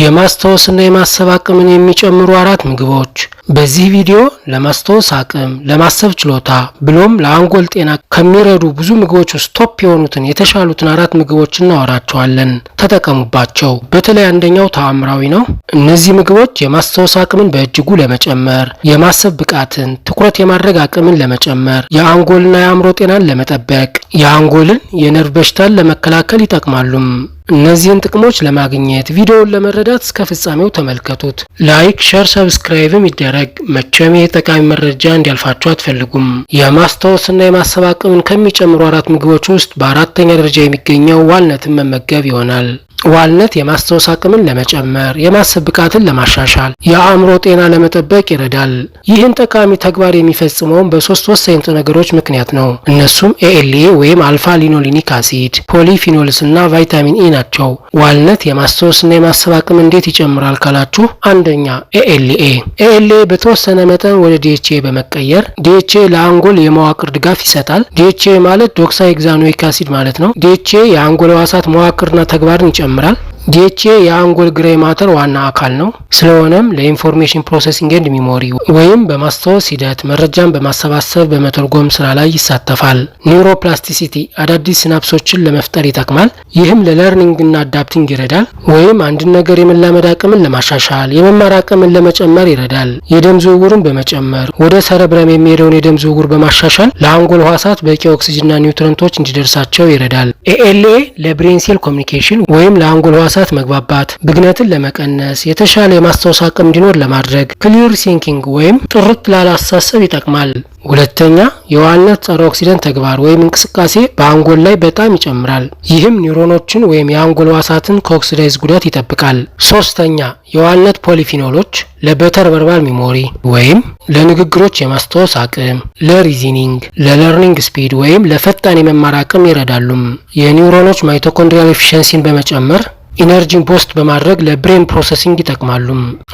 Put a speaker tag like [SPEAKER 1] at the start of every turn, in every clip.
[SPEAKER 1] የማስታወስና የማሰብ አቅምን የሚጨምሩ አራት ምግቦች። በዚህ ቪዲዮ ለማስታወስ አቅም፣ ለማሰብ ችሎታ ብሎም ለአንጎል ጤና ከሚረዱ ብዙ ምግቦች ውስጥ ቶፕ የሆኑትን የተሻሉትን አራት ምግቦች እናወራቸዋለን። ተጠቀሙባቸው። በተለይ አንደኛው ተአምራዊ ነው። እነዚህ ምግቦች የማስታወስ አቅምን በእጅጉ ለመጨመር፣ የማሰብ ብቃትን፣ ትኩረት የማድረግ አቅምን ለመጨመር፣ የአንጎልና የአእምሮ ጤናን ለመጠበቅ፣ የአንጎልን የነርቭ በሽታን ለመከላከል ይጠቅማሉም። እነዚህን ጥቅሞች ለማግኘት ቪዲዮውን ለመረዳት እስከ ፍጻሜው ተመልከቱት። ላይክ፣ ሸር፣ ሰብስክራይብም ይደረግ። መቼም ይህ ጠቃሚ መረጃ እንዲያልፋችሁ አትፈልጉም። የማስታወስና የማሰብ አቅምን ከሚጨምሩ አራት ምግቦች ውስጥ በአራተኛ ደረጃ የሚገኘው ዋልነትን መመገብ ይሆናል። ዋልነት የማስታወስ አቅምን ለመጨመር፣ የማሰብ ብቃትን ለማሻሻል፣ የአእምሮ ጤና ለመጠበቅ ይረዳል። ይህን ጠቃሚ ተግባር የሚፈጽመውም በሶስት ወሳኝ ነገሮች ምክንያት ነው። እነሱም ኤኤልኤ ወይም አልፋ ሊኖሊኒክ አሲድ፣ ፖሊፊኖልስ እና ቫይታሚን ኢ ናቸው። ዋልነት የማስታወስና የማሰብ አቅም እንዴት ይጨምራል ካላችሁ፣ አንደኛ ኤኤልኤ ኤኤልኤ በተወሰነ መጠን ወደ ዲኤችኤ በመቀየር ዲኤችኤ ለአንጎል የመዋቅር ድጋፍ ይሰጣል። ዲኤችኤ ማለት ዶክሳኤግዛኖይክ አሲድ ማለት ነው። ዲኤችኤ የአንጎል ህዋሳት መዋቅርና ተግባርን ይጨምራል። আমরা ዲኤችኤ የአንጎል ግራይ ማተር ዋና አካል ነው። ስለሆነም ለኢንፎርሜሽን ፕሮሰሲንግ ኤንድ ሚሞሪ ወይም በማስታወስ ሂደት መረጃን በማሰባሰብ በመተርጎም ስራ ላይ ይሳተፋል። ኒውሮፕላስቲሲቲ አዳዲስ ሲናፕሶችን ለመፍጠር ይጠቅማል። ይህም ለለርኒንግና አዳፕቲንግ ይረዳል። ወይም አንድን ነገር የመላመድ አቅምን ለማሻሻል፣ የመማር አቅምን ለመጨመር ይረዳል። የደም ዝውውርን በመጨመር ወደ ሰረብረም የሚሄደውን የደም ዝውውር በማሻሻል ለአንጎል ህዋሳት በቂ ኦክሲጅንና ኒውትረንቶች እንዲደርሳቸው ይረዳል። ኤኤልኤ ለብሬንሴል ኮሚኒኬሽን ወይም ለአንጎል ህዋሳት በንድሳት መግባባት፣ ብግነትን ለመቀነስ፣ የተሻለ የማስታወስ አቅም እንዲኖር ለማድረግ ክሊር ሲንኪንግ ወይም ጥርት ላለ አስተሳሰብ ይጠቅማል። ሁለተኛ የዋልነት ጸረ ኦክሲደንት ተግባር ወይም እንቅስቃሴ በአንጎል ላይ በጣም ይጨምራል። ይህም ኒውሮኖችን ወይም የአንጎል ዋሳትን ከኦክሲዳይዝ ጉዳት ይጠብቃል። ሶስተኛ የዋልነት ፖሊፊኖሎች ለበተር በርባል ሚሞሪ ወይም ለንግግሮች የማስታወስ አቅም፣ ለሪዚኒንግ፣ ለለርኒንግ ስፒድ ወይም ለፈጣን የመማር አቅም ይረዳሉም። የኒውሮኖች ማይቶኮንድሪያል ኤፊሽንሲን በመጨመር ኢነርጂን ቦስት በማድረግ ለብሬን ፕሮሰሲንግ ይጠቅማሉ።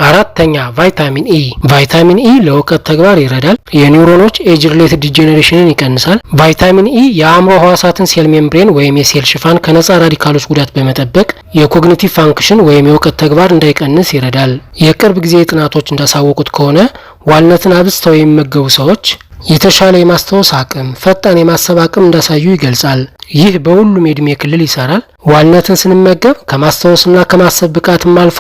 [SPEAKER 1] አራተኛ ቫይታሚን ኢ። ቫይታሚን ኢ ለእውቀት ተግባር ይረዳል። የኒውሮኖች ኤጅ ሪሌትድ ዲጀኔሬሽንን ይቀንሳል። ቫይታሚን ኢ የአእምሮ ህዋሳትን ሴል ሜምብሬን ወይም የሴል ሽፋን ከነጻ ራዲካሎች ጉዳት በመጠበቅ የኮግኒቲቭ ፋንክሽን ወይም የእውቀት ተግባር እንዳይቀንስ ይረዳል። የቅርብ ጊዜ ጥናቶች እንዳሳወቁት ከሆነ ዋልነትን አብዝተው የሚመገቡ ሰዎች የተሻለ የማስታወስ አቅም፣ ፈጣን የማሰብ አቅም እንዳሳዩ ይገልጻል። ይህ በሁሉም የእድሜ ክልል ይሰራል። ዋልነትን ስንመገብ ከማስታወስና ከማሰብ ብቃትም አልፎ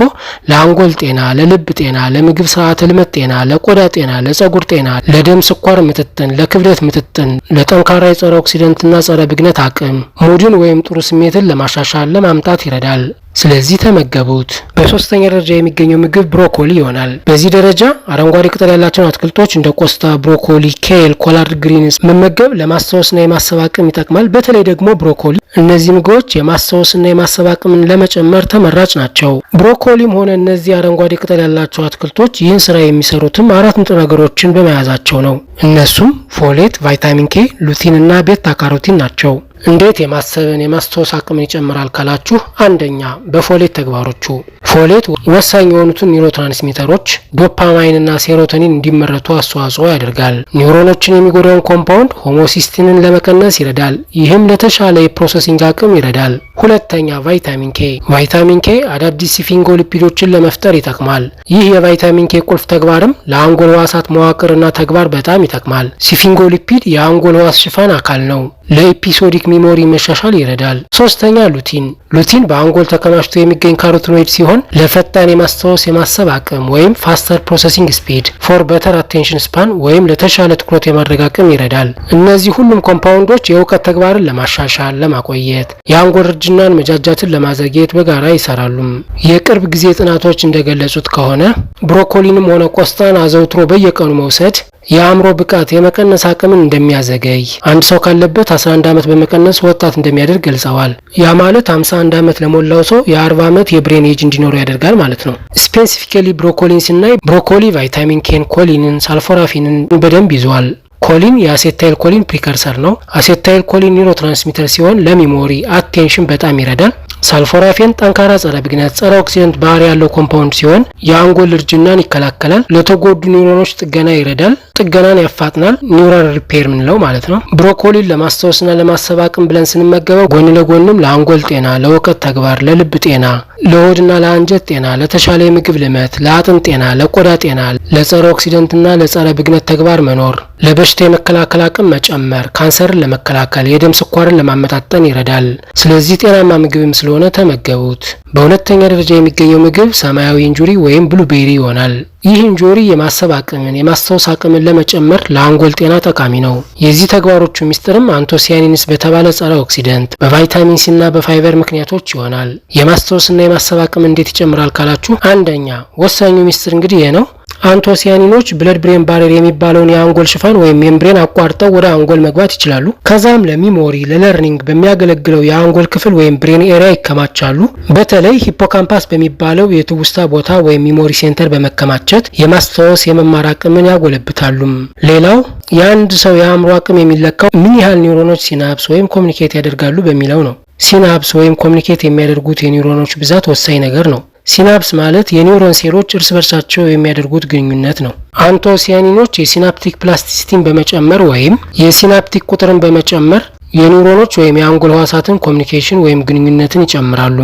[SPEAKER 1] ለአንጎል ጤና፣ ለልብ ጤና፣ ለምግብ ስርዓተ ልመት ጤና፣ ለቆዳ ጤና፣ ለጸጉር ጤና፣ ለደም ስኳር ምጥጥን፣ ለክብደት ምጥጥን፣ ለጠንካራ የጸረ ኦክሲደንትና ጸረ ብግነት አቅም፣ ሙድን ወይም ጥሩ ስሜትን ለማሻሻል ለማምጣት ይረዳል። ስለዚህ ተመገቡት። በሶስተኛ ደረጃ የሚገኘው ምግብ ብሮኮሊ ይሆናል። በዚህ ደረጃ አረንጓዴ ቅጠል ያላቸውን አትክልቶች እንደ ቆስታ፣ ብሮኮሊ፣ ኬል፣ ኮላርድ ግሪንስ መመገብ ለማስታወስና የማሰብ አቅም ይጠቅማል። በተለይ ደግሞ ብሮኮሊ። እነዚህ ምግቦች የማስታወስና የማሰብ አቅምን ለመጨመር ተመራጭ ናቸው። ብሮኮሊም ሆነ እነዚህ አረንጓዴ ቅጠል ያላቸው አትክልቶች ይህን ስራ የሚሰሩትም አራት ንጥረ ነገሮችን በመያዛቸው ነው። እነሱም ፎሌት፣ ቫይታሚን ኬ፣ እና ቤታ ካሮቲን ናቸው። እንዴት የማሰብን የማስታወስ አቅምን ይጨምራል ካላችሁ፣ አንደኛ በፎሌት ተግባሮቹ። ፎሌት ወሳኝ የሆኑትን ኒውሮትራንስሚተሮች ዶፓማይንና ሴሮቶኒን እንዲመረቱ አስተዋጽኦ ያደርጋል። ኒውሮኖችን የሚጎዳውን ኮምፓውንድ ሆሞሲስቲንን ለመቀነስ ይረዳል። ይህም ለተሻለ የፕሮሰሲንግ አቅም ይረዳል። ሁለተኛ ቫይታሚን ኬ። ቫይታሚን ኬ አዳዲስ ሲፊንጎ ሊፒዶችን ለመፍጠር ይጠቅማል። ይህ የቫይታሚን ኬ ቁልፍ ተግባርም ለአንጎል ህዋሳት መዋቅርና ተግባር በጣም ይጠቅማል። ሲፊንጎ ሊፒድ የአንጎል ህዋስ ሽፋን አካል ነው። ለኤፒሶዲክ ሚሞሪ መሻሻል ይረዳል። ሶስተኛ ሉቲን። ሉቲን በአንጎል ተከማችቶ የሚገኝ ካሮቲኖይድ ሲሆን ለፈጣን የማስታወስ የማሰብ አቅም ወይም ፋስተር ፕሮሰሲንግ ስፒድ ፎር በተር አቴንሽን ስፓን ወይም ለተሻለ ትኩረት የማድረግ አቅም ይረዳል። እነዚህ ሁሉም ኮምፓውንዶች የእውቀት ተግባርን ለማሻሻል፣ ለማቆየት፣ የአንጎል እርጅናን መጃጃትን ለማዘግየት በጋራ ይሰራሉም። የቅርብ ጊዜ ጥናቶች እንደገለጹት ከሆነ ብሮኮሊንም ሆነ ቆስጣን አዘውትሮ በየቀኑ መውሰድ የአእምሮ ብቃት የመቀነስ አቅምን እንደሚያዘገይ አንድ ሰው ካለበት 11 ዓመት በመቀነስ ወጣት እንደሚያደርግ ገልጸዋል። ያ ማለት 51 ዓመት ለሞላው ሰው የ40 ዓመት የብሬን ኤጅ እንዲኖረው ያደርጋል ማለት ነው። ስፔሲፊካሊ ብሮኮሊን ስናይ ብሮኮሊ ቫይታሚን ኬን፣ ኮሊንን፣ ሳልፎራፊንን በደንብ ይዟል። ኮሊን የአሴታይል ኮሊን ፕሪከርሰር ነው። አሴታይል ኮሊን ትራንስሚተር ሲሆን ለሚሞሪ አቴንሽን በጣም ይረዳል። ሳልፎራፌን ጠንካራ ጸረ ብግነት፣ ጸረ ኦክሲደንት ባህሪ ያለው ኮምፓውንድ ሲሆን የአንጎል እርጅናን ይከላከላል፣ ለተጎዱ ኒውሮኖች ጥገና ይረዳል፣ ጥገናን ያፋጥናል፣ ኒውራል ሪፔር ምንለው ማለት ነው። ብሮኮሊን ለማስታወስና ለማሰብ አቅም ብለን ስንመገበው ጎን ለጎንም ለአንጎል ጤና፣ ለእውቀት ተግባር፣ ለልብ ጤና፣ ለሆድና ለአንጀት ጤና፣ ለተሻለ የምግብ ልመት፣ ለአጥንት ጤና፣ ለቆዳ ጤና፣ ለጸረ ኦክሲደንትና ለጸረ ብግነት ተግባር መኖር፣ ለበሽታ የመከላከል አቅም መጨመር፣ ካንሰርን ለመከላከል፣ የደም ስኳርን ለማመጣጠን ይረዳል። ስለዚህ ጤናማ ምግብም ስለ እንደሆነ ተመገቡት። በሁለተኛ ደረጃ የሚገኘው ምግብ ሰማያዊ እንጆሪ ወይም ብሉቤሪ ይሆናል። ይህ እንጆሪ የማሰብ አቅምን የማስታወስ አቅምን ለመጨመር ለአንጎል ጤና ጠቃሚ ነው። የዚህ ተግባሮቹ ሚስጥርም አንቶሲያኒንስ በተባለ ጸረ ኦክሲደንት በቫይታሚን ሲና በፋይበር ምክንያቶች ይሆናል። የማስታወስና የማሰብ አቅም እንዴት ይጨምራል ካላችሁ፣ አንደኛ ወሳኙ ሚስጥር እንግዲህ ይህ ነው። አንቶሲያኒኖች ብለድ ብሬን ባሬር የሚባለውን የአንጎል ሽፋን ወይም ሜምብሬን አቋርጠው ወደ አንጎል መግባት ይችላሉ። ከዛም ለሚሞሪ ለለርኒንግ በሚያገለግለው የአንጎል ክፍል ወይም ብሬን ኤሪያ ይከማቻሉ። በተለይ ሂፖካምፓስ በሚባለው የትውስታ ቦታ ወይም ሚሞሪ ሴንተር በመከማቸት የማስታወስ የመማር አቅምን ያጎለብታሉም። ሌላው የአንድ ሰው የአእምሮ አቅም የሚለካው ምን ያህል ኒውሮኖች ሲናፕስ ወይም ኮሚኒኬት ያደርጋሉ በሚለው ነው። ሲናፕስ ወይም ኮሚኒኬት የሚያደርጉት የኒውሮኖች ብዛት ወሳኝ ነገር ነው። ሲናፕስ ማለት የኒውሮን ሴሎች እርስ በርሳቸው የሚያደርጉት ግንኙነት ነው። አንቶሲያኒኖች የሲናፕቲክ ፕላስቲሲቲን በመጨመር ወይም የሲናፕቲክ ቁጥርን በመጨመር የኒውሮኖች ወይም የአንጎል ህዋሳትን ኮሚኒኬሽን ወይም ግንኙነትን ይጨምራሉ።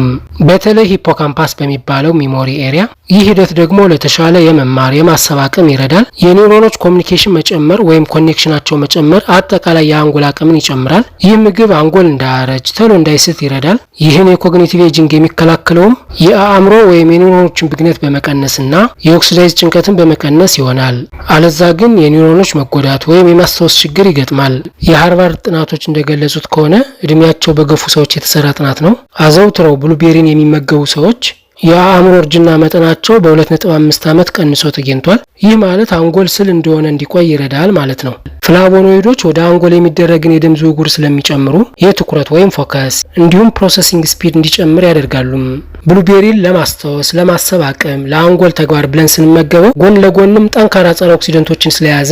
[SPEAKER 1] በተለይ ሂፖካምፓስ በሚባለው ሚሞሪ ኤሪያ። ይህ ሂደት ደግሞ ለተሻለ የመማር የማሰብ አቅም ይረዳል። የኒውሮኖች ኮሚኒኬሽን መጨመር ወይም ኮኔክሽናቸው መጨመር አጠቃላይ የአንጎል አቅምን ይጨምራል። ይህ ምግብ አንጎል እንዳያረጅ ቶሎ እንዳይስት ይረዳል። ይህን የኮግኒቲቭ ኤጂንግ የሚከላከለውም የአእምሮ ወይም የኒውሮኖችን ብግነት በመቀነስና የኦክሲዳይዝ ጭንቀትን በመቀነስ ይሆናል። አለዛ ግን የኒውሮኖች መጎዳት ወይም የማስታወስ ችግር ይገጥማል። የሃርቫርድ ጥናቶች እንደገ እንደገለጹት ከሆነ እድሜያቸው በገፉ ሰዎች የተሰራ ጥናት ነው። አዘውትረው ብሉቤሪን የሚመገቡ ሰዎች የአእምሮ እርጅና መጠናቸው በ2.5 ዓመት ቀንሶ ተገኝቷል። ይህ ማለት አንጎል ስል እንደሆነ እንዲቆይ ይረዳል ማለት ነው። ፍላቮኖይዶች ወደ አንጎል የሚደረግን የደም ዝውውር ስለሚጨምሩ የትኩረት ወይም ፎከስ እንዲሁም ፕሮሰሲንግ ስፒድ እንዲጨምር ያደርጋሉም። ብሉቤሪን ለማስታወስ፣ ለማሰብ አቅም፣ ለአንጎል ተግባር ብለን ስንመገበው ጎን ለጎንም ጠንካራ ጸረ ኦክሲደንቶችን ስለያዘ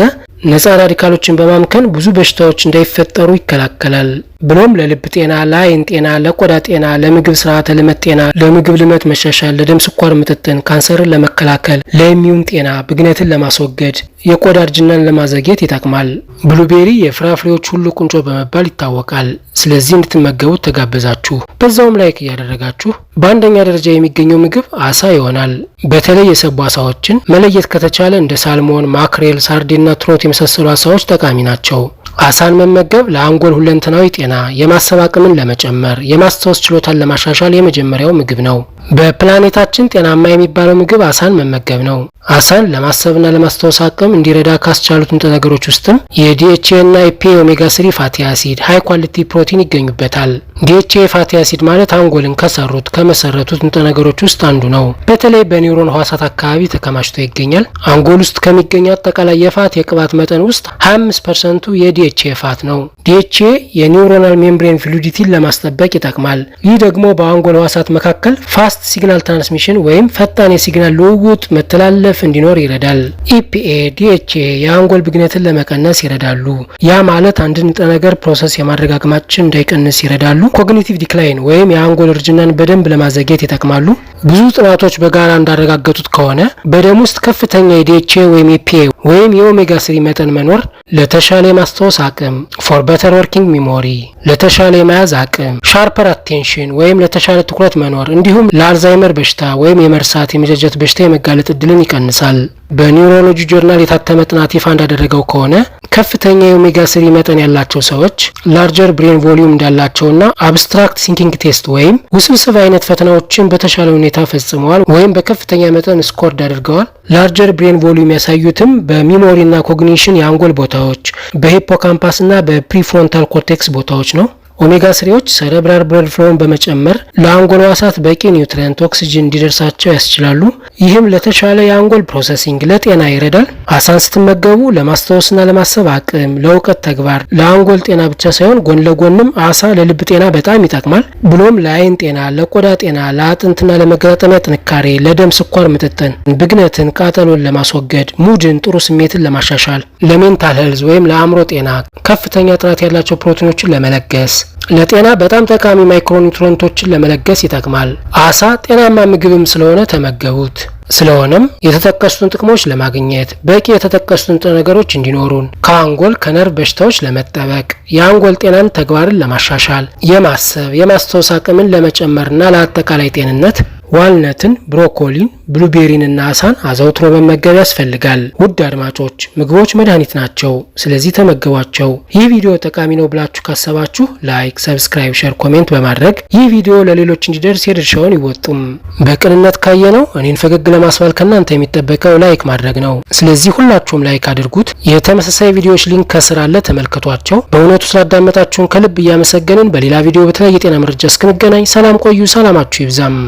[SPEAKER 1] ነፃ ራዲካሎችን በማምከን ብዙ በሽታዎች እንዳይፈጠሩ ይከላከላል። ብሎም ለልብ ጤና፣ ለአይን ጤና፣ ለቆዳ ጤና፣ ለምግብ ስርዓተ ልመት ጤና፣ ለምግብ ልመት መሻሻል፣ ለደም ስኳር ምጥጥን፣ ካንሰርን ለመከላከል፣ ለሚዩን ጤና፣ ብግነትን ለማስወገድ የቆዳ እርጅናን ለማዘግየት ይጠቅማል። ብሉቤሪ የፍራፍሬዎች ሁሉ ቁንጮ በመባል ይታወቃል። ስለዚህ እንድትመገቡት ተጋበዛችሁ። በዛውም ላይክ እያደረጋችሁ በአንደኛ ደረጃ የሚገኘው ምግብ አሳ ይሆናል። በተለይ የሰቡ አሳዎችን መለየት ከተቻለ እንደ ሳልሞን፣ ማክሬል፣ ሳርዲንና ትሮት የመሳሰሉ አሳዎች ጠቃሚ ናቸው። አሳን መመገብ ለአንጎል ሁለንተናዊ ጤና፣ የማሰብ አቅምን ለመጨመር፣ የማስታወስ ችሎታን ለማሻሻል የመጀመሪያው ምግብ ነው። በፕላኔታችን ጤናማ የሚባለው ምግብ አሳን መመገብ ነው። አሳን ለማሰብና ለማስታወስ አቅም እንዲረዳ ካስቻሉት ንጥረ ነገሮች ውስጥም የዲኤችኤ እና ኢፒ ኦሜጋ ስሪ ፋቲ አሲድ፣ ሃይ ኳሊቲ ፕሮቲን ይገኙበታል። ዲኤችኤ ፋቲ አሲድ ማለት አንጎልን ከሰሩት ከመሰረቱት ንጥረ ነገሮች ውስጥ አንዱ ነው። በተለይ በኒውሮን ህዋሳት አካባቢ ተከማችቶ ይገኛል። አንጎል ውስጥ ከሚገኙ አጠቃላይ የፋት የቅባት መጠን ውስጥ 25 ፐርሰንቱ የዲኤችኤ ፋት ነው። ዲኤችኤ የኒውሮናል ሜምብሬን ፍሉዲቲን ለማስጠበቅ ይጠቅማል። ይህ ደግሞ በአንጎል ህዋሳት መካከል ፋስት ሲግናል ትራንስሚሽን ወይም ፈጣን የሲግናል ልውውጥ መተላለፍ እንዲኖር ይረዳል። ኢፒኤ ዲኤችኤ የአንጎል ብግነትን ለመቀነስ ይረዳሉ። ያ ማለት አንድን ንጥረ ነገር ፕሮሰስ የማድረግ አቅማችን እንዳይቀንስ ይረዳሉ። ኮግኒቲቭ ዲክላይን ወይም የአንጎል እርጅናን በደንብ ለማዘግየት ይጠቅማሉ። ብዙ ጥናቶች በጋራ እንዳረጋገጡት ከሆነ በደም ውስጥ ከፍተኛ የዲኤችኤ ወይም ኢፒኤ ወይም የኦሜጋ ስሪ መጠን መኖር ለተሻለ የማስታወስ አቅም ፎር በተር ወርኪንግ ሚሞሪ፣ ለተሻለ የመያዝ አቅም ሻርፐር አቴንሽን ወይም ለተሻለ ትኩረት መኖር እንዲሁም ለአልዛይመር በሽታ ወይም የመርሳት የመጀጀት በሽታ የመጋለጥ እድልን ይቀንሳል። በኒውሮሎጂ ጆርናል የታተመ ጥናት ይፋ እንዳደረገው ከሆነ ከፍተኛ የኦሜጋ ስሪ መጠን ያላቸው ሰዎች ላርጀር ብሬን ቮሊዩም እንዳላቸውና አብስትራክት ሲንኪንግ ቴስት ወይም ውስብስብ አይነት ፈተናዎችን በተሻለ ሁኔታ ሁኔታ ፈጽመዋል ወይም በከፍተኛ መጠን ስኮርድ አድርገዋል። ላርጀር ብሬን ቮሊዩም ያሳዩትም በሚሞሪና ኮግኒሽን የአንጎል ቦታዎች፣ በሂፖካምፓስና በፕሪፍሮንታል ኮርቴክስ ቦታዎች ነው። ኦሜጋ ስሪዎች ሰረብራል ብለድ ፍሎውን በመጨመር ለአንጎል ዋሳት በቂ ኒውትሪንት ኦክሲጅን እንዲደርሳቸው ያስችላሉ። ይህም ለተሻለ የአንጎል ፕሮሰሲንግ ለጤና ይረዳል። አሳን ስትመገቡ ለማስታወስና ለማሰብ አቅም፣ ለእውቀት ተግባር፣ ለአንጎል ጤና ብቻ ሳይሆን ጎን ለጎንም አሳ ለልብ ጤና በጣም ይጠቅማል። ብሎም ለአይን ጤና፣ ለቆዳ ጤና፣ ለአጥንትና ለመገጣጠሚያ ጥንካሬ፣ ለደም ስኳር ምጥጥን፣ ብግነትን፣ ቃጠሎን ለማስወገድ፣ ሙድን፣ ጥሩ ስሜትን ለማሻሻል፣ ለሜንታል ሄልዝ ወይም ለአእምሮ ጤና ከፍተኛ ጥራት ያላቸው ፕሮቲኖችን ለመለገስ ለጤና በጣም ጠቃሚ ማይክሮኒውትሮንቶችን ለመለገስ ይጠቅማል። አሳ ጤናማ ምግብም ስለሆነ ተመገቡት። ስለሆነም የተጠቀሱትን ጥቅሞች ለማግኘት በቂ የተጠቀሱትን ንጥረ ነገሮች እንዲኖሩን፣ ከአንጎል ከነርቭ በሽታዎች ለመጠበቅ፣ የአንጎል ጤናን ተግባርን ለማሻሻል፣ የማሰብ የማስታወስ አቅምን ለመጨመርና ለአጠቃላይ ጤንነት ዋልነትን፣ ብሮኮሊን፣ ብሉቤሪንና አሳን አዘውትሮ መመገብ ያስፈልጋል። ውድ አድማጮች ምግቦች መድኃኒት ናቸው፣ ስለዚህ ተመገቧቸው። ይህ ቪዲዮ ጠቃሚ ነው ብላችሁ ካሰባችሁ ላይክ፣ ሰብስክራይብ፣ ሸር፣ ኮሜንት በማድረግ ይህ ቪዲዮ ለሌሎች እንዲደርስ የድርሻውን ይወጡም። በቅንነት ካየነው እኔን ፈገግ ለማስባል ከእናንተ የሚጠበቀው ላይክ ማድረግ ነው። ስለዚህ ሁላችሁም ላይክ አድርጉት። የተመሳሳይ ቪዲዮዎች ሊንክ ከስር አለ፣ ተመልከቷቸው። በእውነቱ ስላዳመጣችሁን ከልብ እያመሰገንን በሌላ ቪዲዮ በተለያየ የጤና መረጃ እስክንገናኝ ሰላም ቆዩ። ሰላማችሁ ይብዛም።